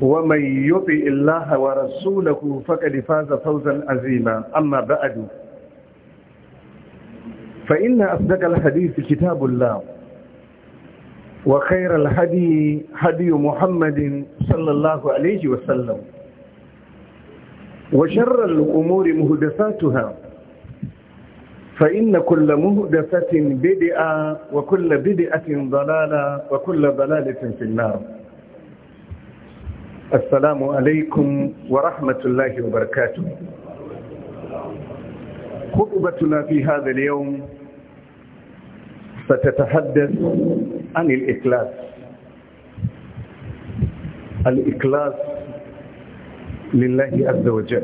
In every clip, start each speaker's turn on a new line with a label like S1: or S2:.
S1: ومن يطع الله ورسوله فقد فاز فوزا عظيما اما بعد فان اصدق الحديث كتاب الله وخير الهدي هدي محمد صلى الله عليه وسلم وشر الامور محدثاتها فإن كل مهدفة بدئة وكل بدئة ضلالة وكل ضلالة في النار السلام عليكم ورحمة الله وبركاته خطبتنا في هذا اليوم ستتحدث عن الإخلاص الإخلاص لله عز وجل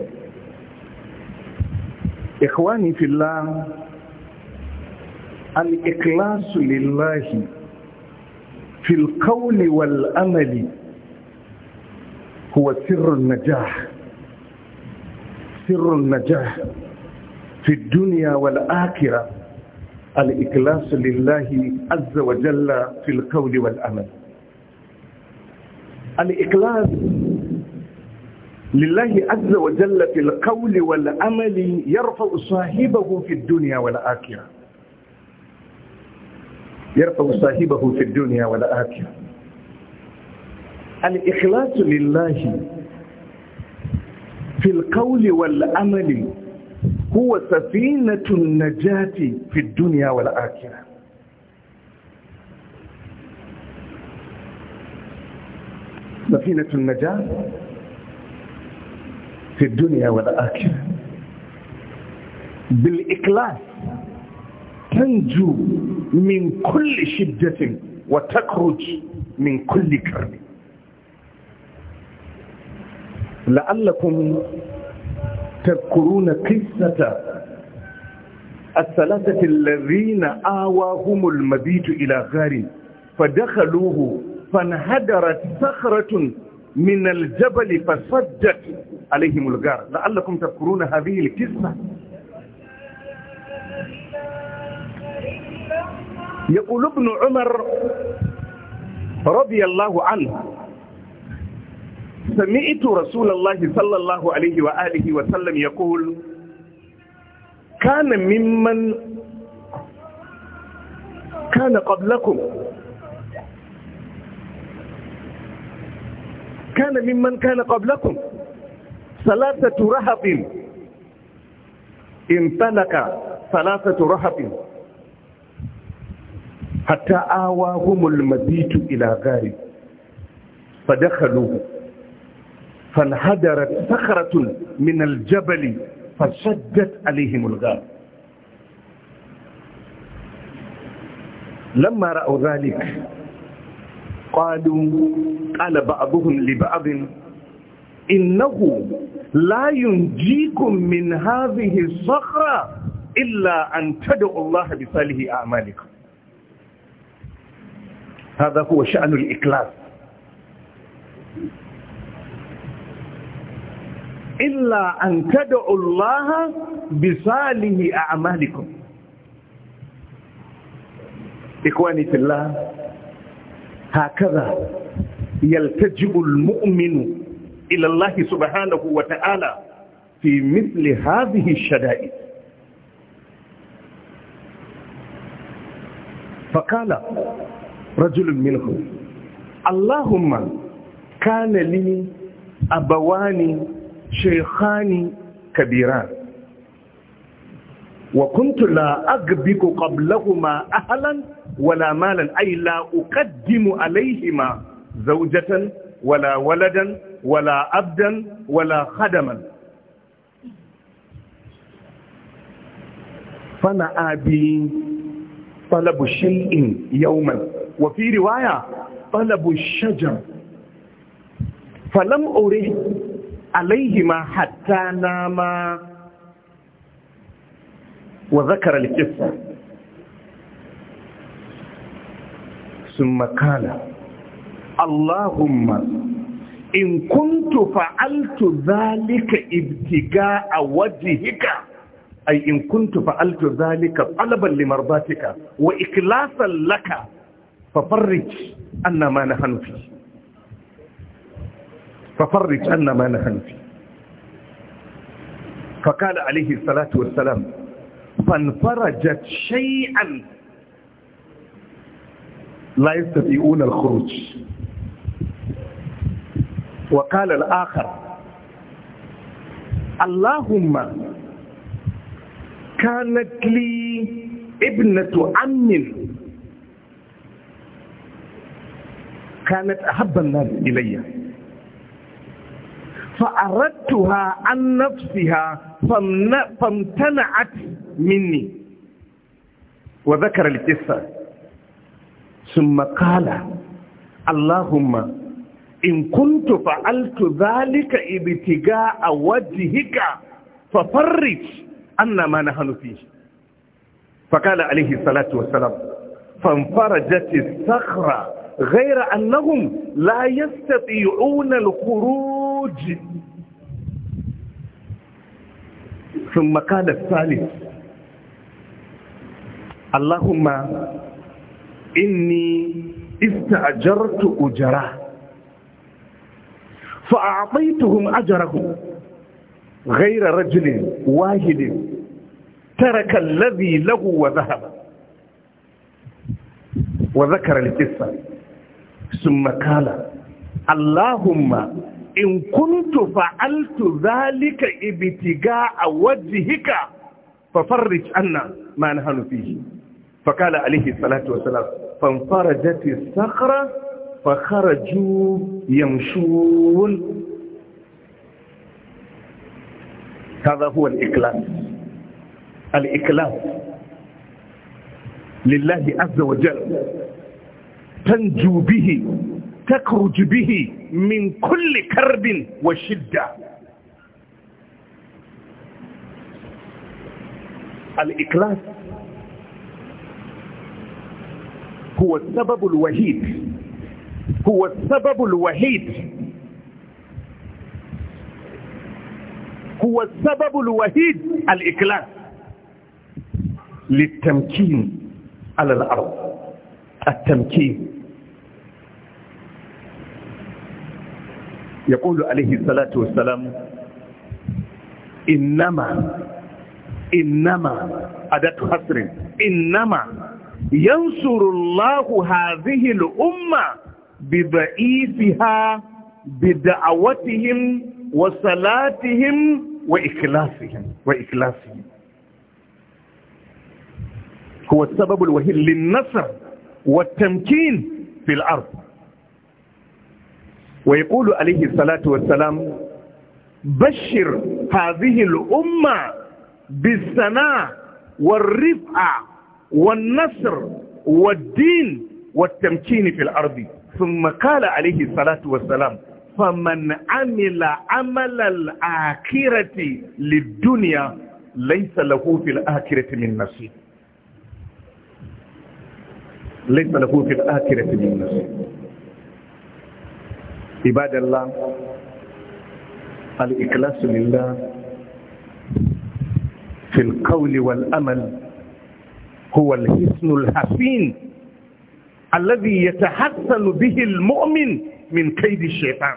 S1: إخواني في الله الإخلاص لله في القول والأمل هو سر النجاح سر النجاح في الدنيا والآخرة الإخلاص لله عز وجل في القول والأمل الإخلاص لله عز وجل في القول والأمل يرفع صاحبه في الدنيا والآخرة يرفع صاحبه في الدنيا والآخرة الإخلاص لله في القول والعمل هو سفينة النجاة في الدنيا والآخرة سفينة النجاة في الدنيا والآخرة بالإخلاص تنجو من كل شدة وتخرج من كل كرب لعلكم تذكرون قصة الثلاثة الذين آواهم المبيت إلى غار فدخلوه فانهدرت صخرة من الجبل فصدت عليهم الغار لعلكم تذكرون هذه القصة يقول ابن عمر رضي الله عنه سمعت رسول الله صلى الله عليه وآله وسلم يقول كان ممن كان قبلكم كان ممن كان قبلكم ثلاثة رهب انطلق ثلاثة رهب حتى آواهم المبيت إلى غارب فدخلوه فانهدرت صخرة من الجبل فشدت عليهم الغار لما رأوا ذلك قالوا قال بعضهم لبعض إنه لا ينجيكم من هذه الصخرة إلا أن تدعوا الله بصالح أعمالكم هذا هو شأن الإخلاص إلا أن تدعوا الله بصالح أعمالكم إخواني في الله هكذا يلتجئ المؤمن إلى الله سبحانه وتعالى في مثل هذه الشدائد فقال رجل منهم اللهم كان لي أبواني شيخان كبيران وكنت لا أقبك قبلهما أهلا ولا مالا أي لا أقدم عليهما زوجة ولا ولدا ولا أبدا ولا خدما فانا ابي طلب شيء يوما وفي روايه طلب الشجر فلم اريد عليهما حتى ناما وذكر القصة ثم قال اللهم إن كنت فعلت ذلك ابتغاء وجهك أي إن كنت فعلت ذلك طلبا لمرضاتك وإخلاصا لك ففرج أن ما نحن فيه ففرج عنا ما نحن فيه فقال عليه الصلاة والسلام فانفرجت شيئا لا يستطيعون الخروج وقال الآخر اللهم كانت لي ابنة عم كانت أحب الناس إليّ فأردتها عن نفسها فامتنعت مني وذكر القصة ثم قال اللهم إن كنت فعلت ذلك ابتغاء وجهك ففرج عنا ما نحن فيه فقال عليه الصلاة والسلام فانفرجت الصخرة غير أنهم لا يستطيعون الخروج يرجع ثم قال الثالث اللهم إني استأجرت أجرا فأعطيتهم أجرهم غير رجل واحد ترك الذي له وذهب وذكر القصة ثم قال اللهم إن كنت فعلت ذلك ibtiga وجهك wajhika fafarrij anna ma nahnu فقال عليه الصلاة والسلام فانفرجت الصخرة فخرجوا يمشون هذا هو الإكلاف الإكلاف لله عز وجل تنجو به تخرج به من كل كرب وشدة الإخلاص هو السبب الوحيد هو السبب الوحيد هو السبب الوحيد الإخلاص للتمكين على الأرض التمكين يقول عليه الصلاة والسلام إنما إنما أداة حصر إنما ينصر الله هذه الأمة بضعيفها بدعوتهم وصلاتهم وإخلاصهم وإخلاصهم هو السبب الوهي للنصر والتمكين في الأرض ويقول عليه الصلاة والسلام بشر هذه الأمة بالثناء والرفعة والنصر والدين والتمكين في الأرض ثم قال عليه الصلاة والسلام فمن عمل عمل الآخرة للدنيا ليس له في الآخرة من نصيب ليس له في الآخرة من نصيب عباد الله الإخلاص لله في القول والأمل هو الحسن الحسين الذي يتحسن به المؤمن من كيد الشيطان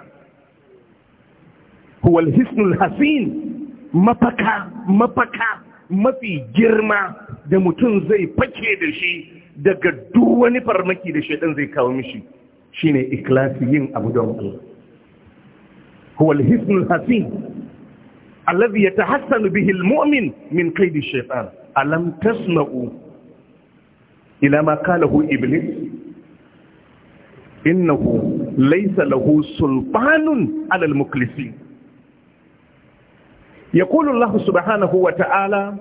S1: هو الحسن الحسين mafaka mafaka mafi girma da mutum zai fake da shi daga duk wani farmaki da shaidan zai kawo mishi شيني إكلاسيين أبو دوم الله هو الهسن الحسين الذي يتحسن به المؤمن من قيد الشيطان ألم تسمعوا إلى ما قاله إبليس إنه ليس له سلطان على المكلسين يقول الله سبحانه وتعالى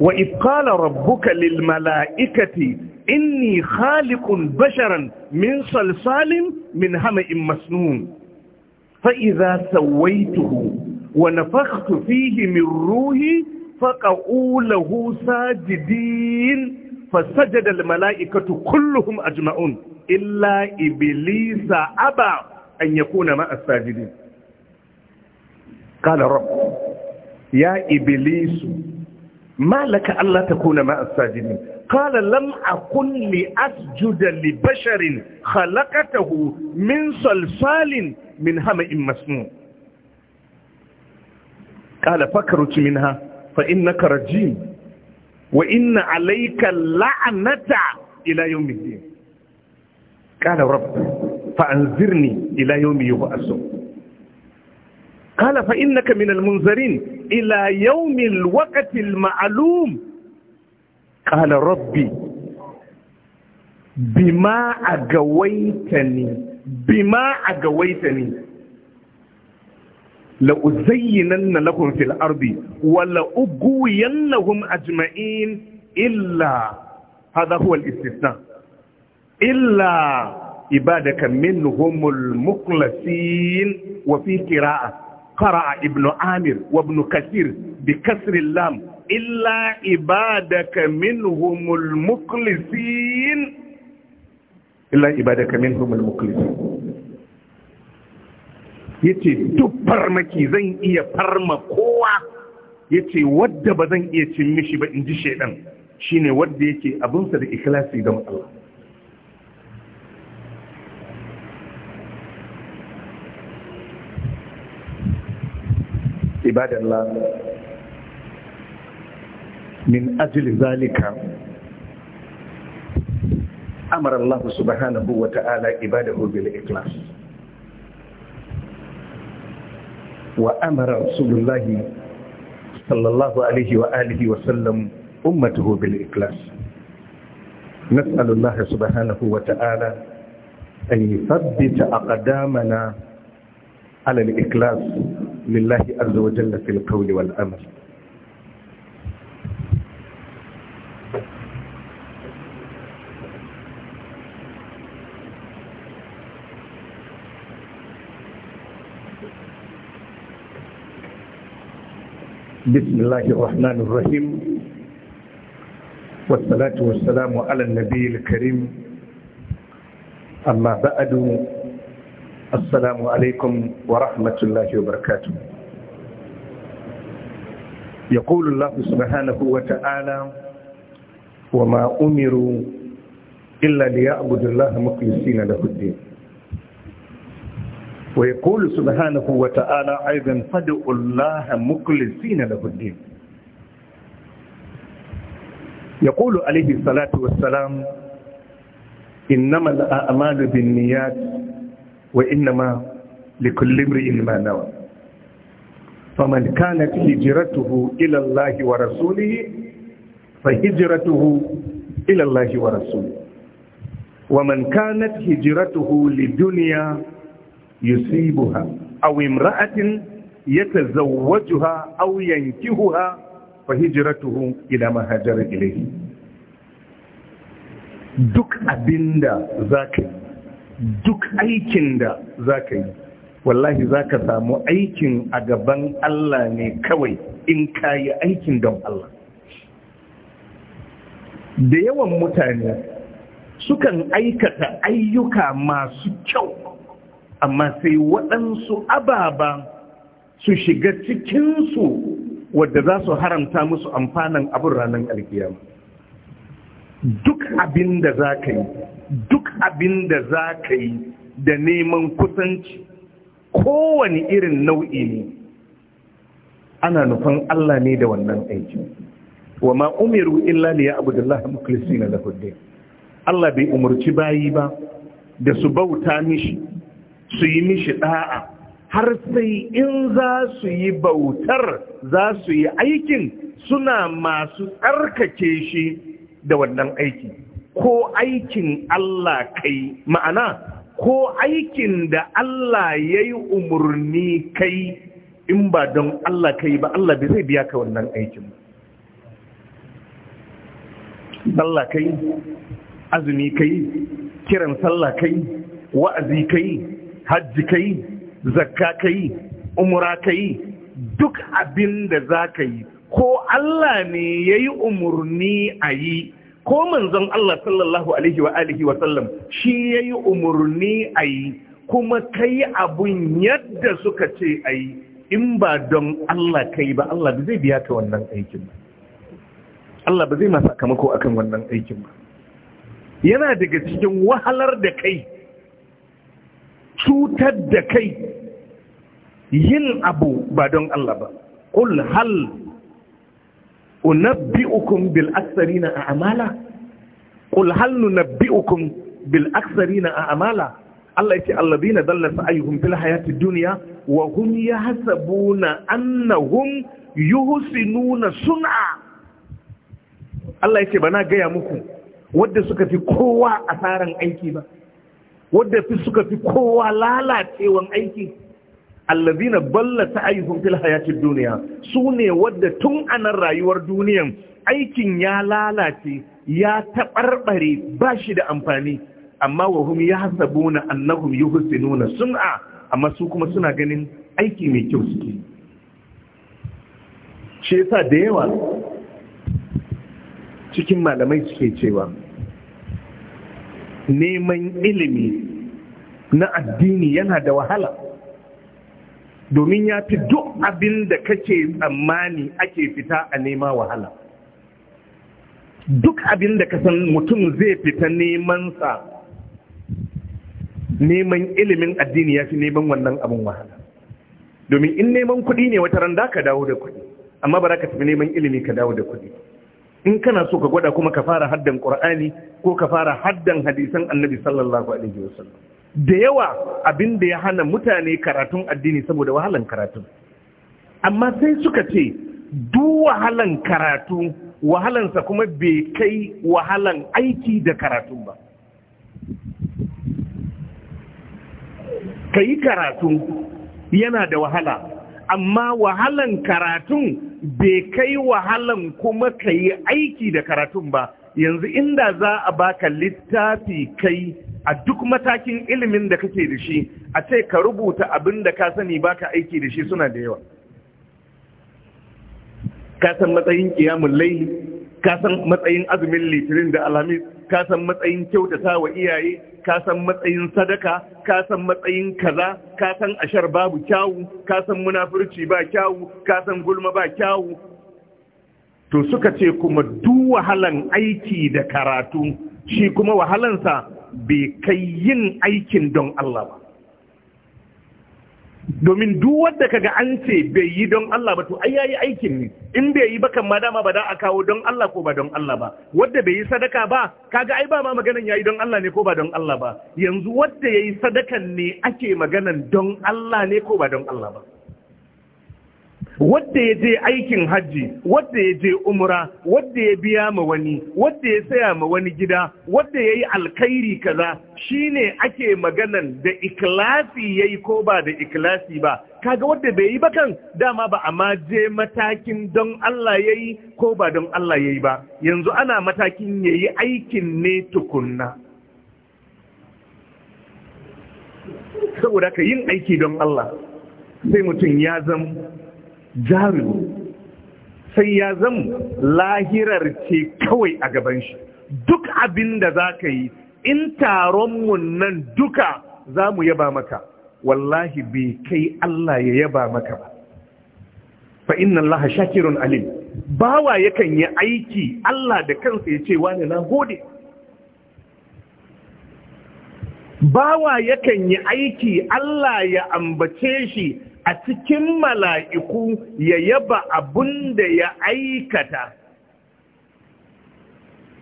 S1: وإذ قال ربك للملائكة إني خالق بشرا من صلصال من همئ مسنون فإذا سويته ونفخت فيه من روحي فقعوا له ساجدين فسجد الملائكة كلهم أجمعون إلا إبليس أبى أن يكون مع الساجدين قال رب يا إبليس ما لك ألا تكون مع الساجدين قال لم أكن لأسجد لبشر خلقته من صلصال من همئ مسنون قال فكرت منها فإنك رجيم وإن عليك اللعنة إلى يوم الدين قال رب فأنذرني إلى يوم يبعثون قال فإنك من المنذرين إلى يوم الوقت المعلوم قال ربي بما أغويتني بما أغويتني لأزينن لهم في الأرض ولأغوينهم أجمعين إلا هذا هو الاستثناء إلا عبادك منهم المخلصين وفي قراءة قرأ ابن عامر وابن كثير بكسر اللام illa ibadaka minhumul muklisin illa ibadaka minhumul muklisin yace duk farmaki zan iya farma kowa yace wadda ba zan iya cin mishi ba inji shedan shine wadda yake abinsa da ikhlasi ga Allah ibadallah من أجل ذلك أمر الله سبحانه وتعالى عباده بالإخلاص وأمر رسول الله صلى الله عليه وآله وسلم أمته بالإخلاص نسأل الله سبحانه وتعالى أن يثبت أقدامنا على الإخلاص لله عز وجل في القول والأمر بسم الله الرحمن الرحيم والصلاة والسلام على النبي الكريم أما بعد السلام عليكم ورحمة الله وبركاته يقول الله سبحانه وتعالى وما أمروا إلا ليعبدوا الله مخلصين له الدين ويقول سبحانه وتعالى أيضا فدع الله مخلصين له الدين يقول عليه الصلاة والسلام إنما الأعمال بالنيات وإنما لكل امرئ ما نوى فمن كانت هجرته إلى الله ورسوله فهجرته إلى الله ورسوله ومن كانت هجرته لدنيا yusibuha aw imra'atin yatazawwajuha aw yankihuha fa hijratuhu ila ma hajara ilayhi duk abinda zaka yi duk aikin da zaka yi wallahi zaka samu aikin a gaban Allah ne kawai in kayi aikin don Allah da yawan mutane sukan aikata ayyuka masu kyau amma sai waɗansu ababa su shiga cikinsu wadda za su haramta musu amfanin abin ranar alkiya duk abin da za ka yi duk abin da za ka yi da neman kusanci kowane irin nau'i ne ana nufan Allah ne da wannan aiki wa ma umiru illa liya abdullahi mukhlisina lahu Allah bai umarci bayi ba da su bauta mishi su yi mishi ɗa'a har sai in za su yi bautar za su yi aikin suna masu tsarkake shi da wannan aiki ko aikin Allah kai ma'ana ko aikin da Allah ya yi umarni kai in ba don Allah kai ba Allah bai zai biya ka wannan aikin Allah kai azumi kai kiran sallah kai wa'azi kai hajji ka yi zakka ka yi umura ka yi duk abin da za ka yi ko Allah ne ya yi umarni a yi ko manzon Allah sallallahu alaihi wa alihi wa sallam shi ya yi umarni a yi kuma ka yi abun yadda suka ce a yi in ba don Allah ka yi ba Allah ba zai biya ka wannan aikin ba Allah ba zai ma sakamako akan wannan aikin ba yana daga cikin wahalar da kai cutar da kai yin abu ba don Allah ba qul hal unabbi'ukum bil aktharina a'mala qul hal nunabbi'ukum bil aktharina a'mala Allah yake alladina dalla sa'ayuhum fil hayati dunya wa hum yahsabuna annahum yuhsinuna sun'a Allah yake bana gaya muku wadda suka fi kowa asaran aiki ba wadda fi suka fi kowa lalacewan aiki allazina ballata ayyuhum fil hayati duniya su ne wadda tun anan rayuwar duniyan aikin ya lalace ya taɓarɓare ba shi da amfani amma wa hum yahsabuna annahum yuhsinuna sun'a amma su kuma suna ganin aiki mai kyau suke shi yasa da yawa cikin malamai suke cewa neman ilimi na addini yana da wahala domin ya fi duk abin da kake tsammani ake fita a nema wahala duk abin da kasan mutum zai fita nemansa neman ilimin addini ya fi neman wannan abin wahala domin in neman kuɗi ne wata ran ka dawo da kuɗi amma ba za ka tafi neman ilimi ka dawo da kuɗi in kana so ka gwada kuma ka fara haddan qur'ani ko ka fara haddan hadisan annabi sallallahu alaihi wasallam da yawa abin da ya hana mutane karatun addini saboda wahalan karatu amma sai suka ce duk wahalan karatu wahalansa kuma bai kai wahalan aiki da karatu ba ka yi karatu yana da wahala amma wahalan karatun bai kai wahalan kuma ka yi aiki da karatun ba yanzu inda za a baka littafi kai a duk matakin ilimin da kake da shi a ce ka rubuta abin da ka sani baka aiki da shi suna da yawa ka san matsayin kiyamun laili ka san matsayin azumin litinin da alhamis ka san matsayin kyautata wa iyaye ka san matsayin sadaka ka san matsayin kaza ka san ashar babu kyawu ka san munafurci ba kyawu ka san gulma ba kyawu to suka ce kuma duk wahalan aiki da karatu shi kuma wahalansa bai kai yin aikin don Allah ba domin duk wanda kaga an ce bai yi don Allah ba to ai yayi aikin ne in bai yi ba kan ma dama ba da a kawo don Allah ko ba don Allah ba wanda bai yi sadaka ba kaga ai ba ma maganan yayi don Allah ne ko ba don Allah ba yanzu wanda yayi sadakan ne ake maganan don Allah ne ko ba don Allah ba wadda ya je aikin hajji wadda ya je umra wadda ya biya ma wani wadda ya saya ma wani gida wadda ya yi alkhairi kaza ne ake maganan da ikilasi ya yi ko ba da ikilasi ba kaga wadda bai yi ba kan dama ba amma je matakin don Allah ya yi ko ba don Allah ya yi ba yanzu ana matakin ya yi aikin ne tukunna saboda ka yin aiki don Allah sai mutum ya zama jarumi sai ya zama lahirar ce kawai a gaban shi duk abin da za ka yi in taronmu nan duka za mu yaba maka wallahi bai kai Allah ya yaba maka ba fa inna Allah shakirun alim bawa yakan yi aiki Allah da kansa ya ce wani na gode bawa yakan yi aiki Allah ya ambace shi a cikin mala'iku ya yaba abin da ya aikata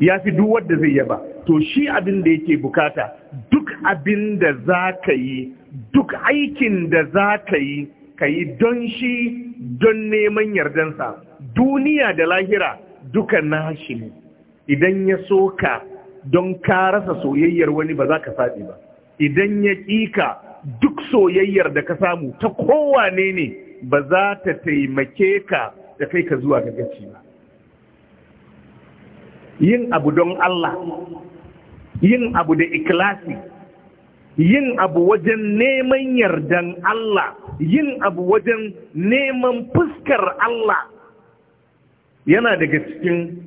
S1: ya fi duk wadda zai yaba to shi abin da yake bukata duk abin da za ka yi duk aikin da za ka yi ka yi don shi don neman yardansa duniya da lahira duka nashi ne idan ya so ka don karasa soyayyar wani ba za ka faɗi ba idan ya ƙi ka duk soyayyar da ka samu ta kowane ne ba za ta taimake ka da kai ka zuwa ga gaci ba yin abu don Allah yin abu da ikilasi yin abu wajen neman yardan Allah yin abu wajen neman fuskar Allah yana daga cikin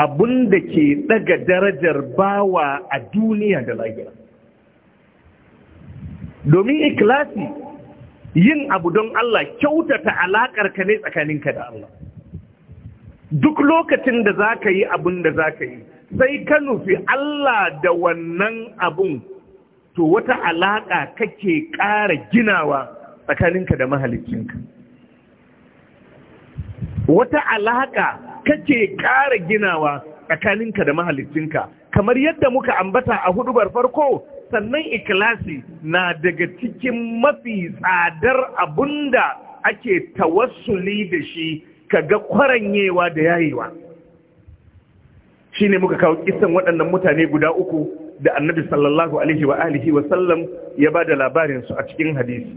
S1: abun da ke daga darajar bawa a duniya da lahira. domin ikilasi yin abu don Allah kyautata alaƙar ka ne tsakaninka da Allah duk lokacin da za ka yi abin da za ka yi sai ka nufi Allah da wannan abun to wata alaƙa kake ƙara ginawa tsakaninka da mahalicinka wata alaƙa kake ƙara ginawa tsakaninka da mahalicinka kamar yadda muka ambata a hudubar farko sannan ikilasi na daga cikin mafi tsadar abunda ake tawassuli da shi kaga kwaranyewa da yayewa shine muka kawo kisan waɗannan mutane guda uku da annabi sallallahu alaihi wa alihi wa sallam ya bada labarin su a cikin hadisi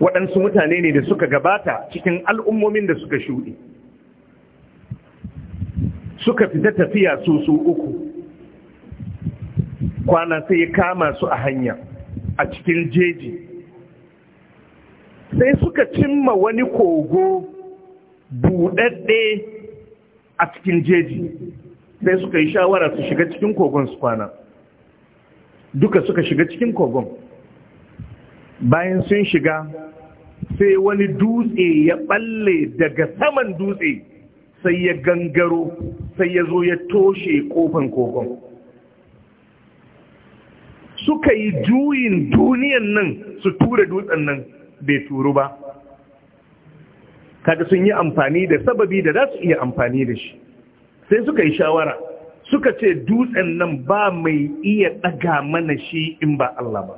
S1: waɗansu mutane ne da suka gabata cikin al'ummomin da suka shuɗe suka fita tafiya su su uku kwana sai ya kama su a hanya a cikin jeji sai suka cimma wani kogo buɗaɗɗe a cikin jeji sai suka yi shawara su shiga cikin kogon su kwana duka suka shiga cikin kogon bayan sun shiga sai wani dutse ya ɓalle daga saman dutse sai ya gangaro sai ya zo ya toshe kofan kogon suka yi juyin duniyan nan su tura dutsen nan bai turu ba kaga sun yi amfani da sababi da za su iya amfani da shi sai suka yi shawara suka ce dutsen nan ba mai iya ɗaga mana shi in ba Allah ba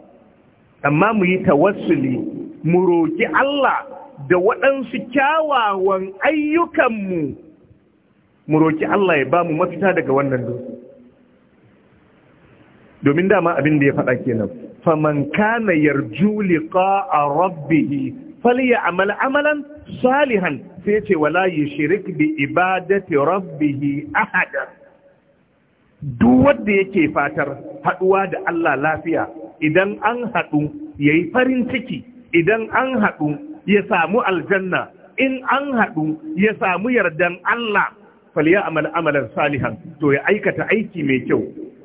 S1: amma mu yi tawassuli mu roki Allah da waɗansu kyawawan ayyukanmu mu roki Allah ya ba mu mafita daga wannan dutsen domin dama abin da ya faɗa kenan faman kana yarju liqa'a rabbih falyamal amalan salihan sai ce wala yushrik bi ibadati rabbih ahada duk wanda yake fatar haduwa da Allah lafiya idan an hadu yayi farin ciki idan an hadu ya samu aljanna in an hadu ya samu yardan Allah falyamal amalan salihan to ya aikata aiki mai kyau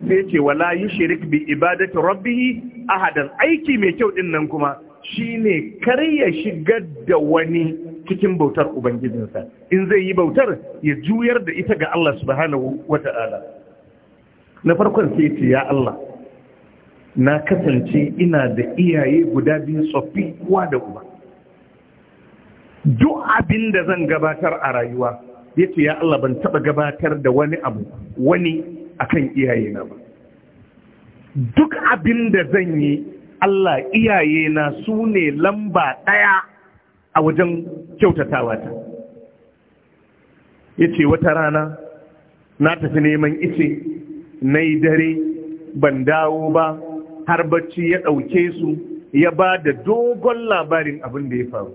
S1: sai ce wala shirik bi ibadati rabbihi ahadan aiki mai kyau din nan kuma shine kar ya shigar da wani cikin bautar ubangijinsa in zai yi bautar ya juyar da ita ga Allah subhanahu wata'ala na farkon sai ce ya Allah na kasance ina da iyaye guda biyu tsoffi uwa da uba duk abin da zan gabatar a rayuwa yace ya Allah ban taba gabatar da wani abu wani a kan iyayena ba duk abin da zan yi Allah iyayena su ne lamba ɗaya a wajen kyautatawa ta ya ce wata rana na tafi neman ice na yi dare ban dawo ba har bacci ya ɗauke su ya ba da dogon labarin abin da ya faru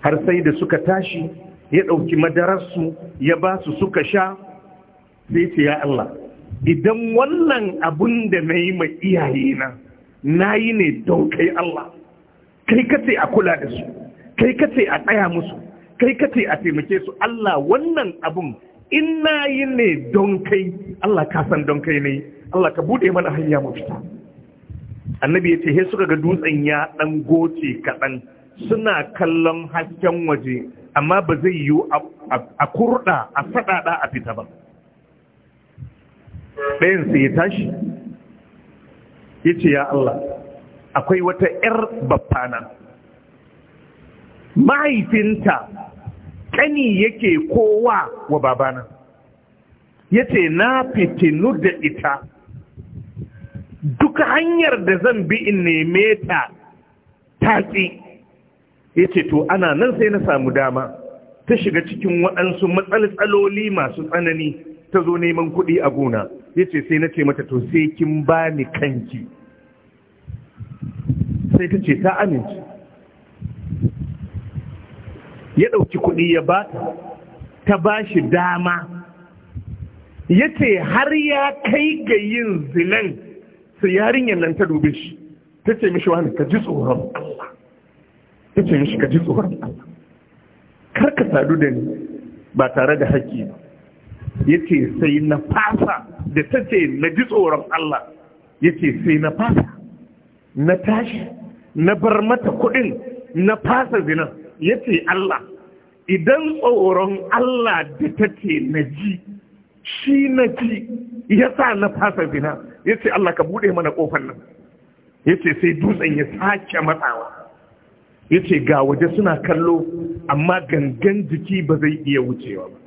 S1: har sai da suka tashi ya ɗauki madararsu ya ba su suka sha sai ce ya Allah idan wannan abun da na yi mai iyaye na na yi ne don kai Allah kai kace a kula da su kai kace a tsaya musu kai kace a taimake su Allah wannan abun in na yi ne don kai Allah ka san don kai ne Allah ka bude mana hanya mu fita annabi ya ce he suka ga dutsen ya dan goce kaɗan suna kallon hasken waje amma ba zai yiwu a kurɗa a faɗaɗa a fita ba ɗayan su ya tashi ya ce ya Allah akwai wata ‘yar babbana mahaifinta ƙani yake kowa wa babana ya ce na fitinu da ita duk hanyar da zan bi in neme ta tatsi. ya ce to ana nan sai na samu dama ta shiga cikin waɗansu matsaloli masu tsanani ta zo neman kuɗi a gona ya ce sai na ce mata to sai kin ba ni kanki sai ta ce ta amince ya ɗauki kuɗi ya ba ta ba shi dama ya ce har ya kai ga yin zinan sai yarinyar nan ta dubi shi ta ce mishi wani ka ji tsoron Allah ta ce mishi ka ji tsoron Allah kar ka sadu da ni ba tare da haƙƙi ba yace sai na fasa da ta ce na ji tsoron Allah yace sai na fasa na tashi na bar mata kuɗin na fasa zinan yace Allah idan tsoron Allah da ta ce na ji shi na ji ya sa na fasa zina Yace Allah ka buɗe mana ƙofar nan Yace sai dutsen ya sake matsawa Yace ga waje suna kallo amma gangan jiki ba zai iya wucewa ba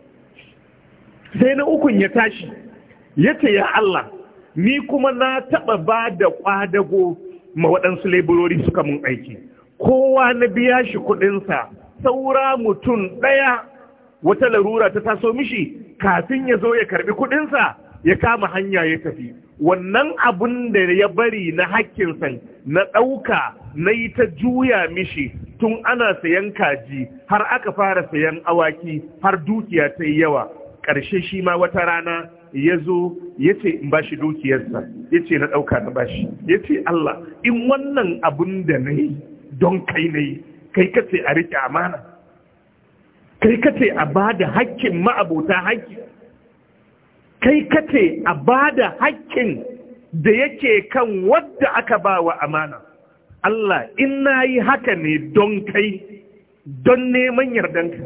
S1: sai na ukun ya tashi ya ce ya Allah ni kuma na taɓa ba da ƙwadago ma waɗansu laiburori suka mun aiki kowa na biya shi kuɗinsa saura mutum ɗaya wata larura ta taso mishi kafin ya zo ya karɓi kuɗinsa ya kama hanya ya tafi wannan abin da ya bari na hakkinsa na ɗauka na yi ta juya mishi tun ana sayan kaji har aka fara sayan awaki har dukiya ta yi yawa ƙarshe shi ma wata rana ya zo ya ce in ba shi dukiyarsa ya ce na ɗauka na bashi ya ce Allah in wannan abin da na yi don kai na yi kai ka ce a riƙe amana kai ka ce a ba da haƙƙin ma'abota haƙƙi kai ka ce a ba da haƙƙin da yake kan wadda aka ba wa amana Allah in na yi haka ne don kai don neman yardanka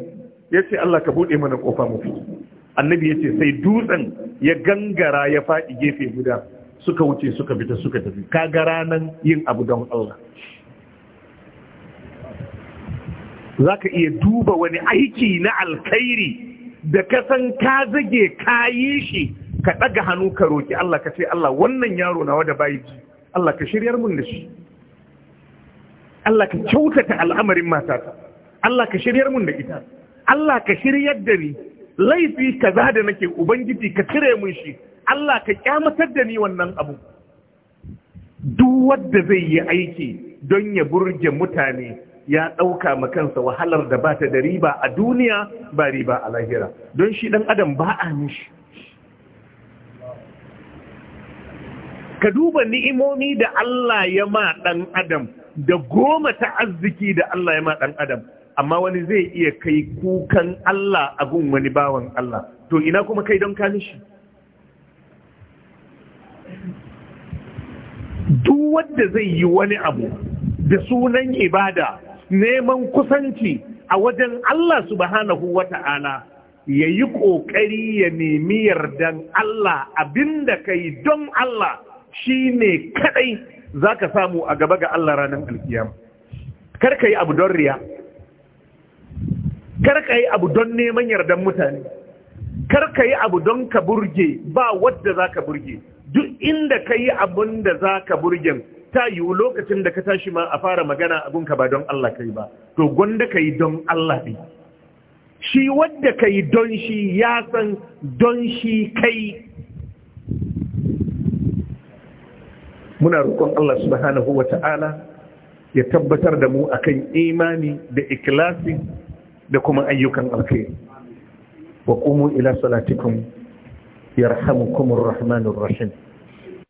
S1: ya ce Allah ka buɗe mana ƙofa mafi annabi ya ce sai dutsen ya gangara ya faɗi gefe guda suka wuce suka fita suka tafi kaga ranan yin abu don Allah za ka iya duba wani aiki na alkhairi da ka san ka zage ka yi shi ka ɗaga hannu ka roƙi Allah ka ce Allah wannan yaro nawa da bayi ji Allah ka shiryar mun da shi Allah ka kyautata al'amarin matata Allah ka shiryar mun da ita Allah ka shiryar da ni laifi kaza da nake ubangiji ka cire mun shi Allah ka kyamatar da ni wannan abu duk wanda zai yi aiki don ya burge mutane ya ɗauka kansa wahalar da ba ta da riba a duniya ba riba a lahira don shi ɗan adam ba a mishi ka duba ni'imomi da Allah ya ma ɗan adam da goma ta arziki da Allah ya ma ɗan adam amma wani zai iya kai kukan Allah a gun wani bawan Allah to ina kuma kai don kani shi duk wanda zai yi wani abu da sunan ibada neman kusanci a wajen Allah subhanahu wata'ala ya yi ƙoƙari ya nemi yardan Allah abinda kai don Allah shi ne kaɗai za ka samu a gaba ga Allah ranar alkiyama kar ka yi abu don riya kar yi abu don neman yardan mutane kar ka yi abu don ka burge ba wadda za ka burge duk inda ka yi abun da za ka burgen ta yiwu lokacin da ka tashi ma a fara magana abunka ba don Allah ka yi ba to gwanda ka yi don Allah ne shi wadda ka yi don shi ya san don shi kai muna roƙon Allah subhanahu wa ta'ala ya tabbatar da mu akan imani da ikilasi da kuma ayyukan alkhairi wa qumu ila salatikum yarhamukumur rahmanur rahim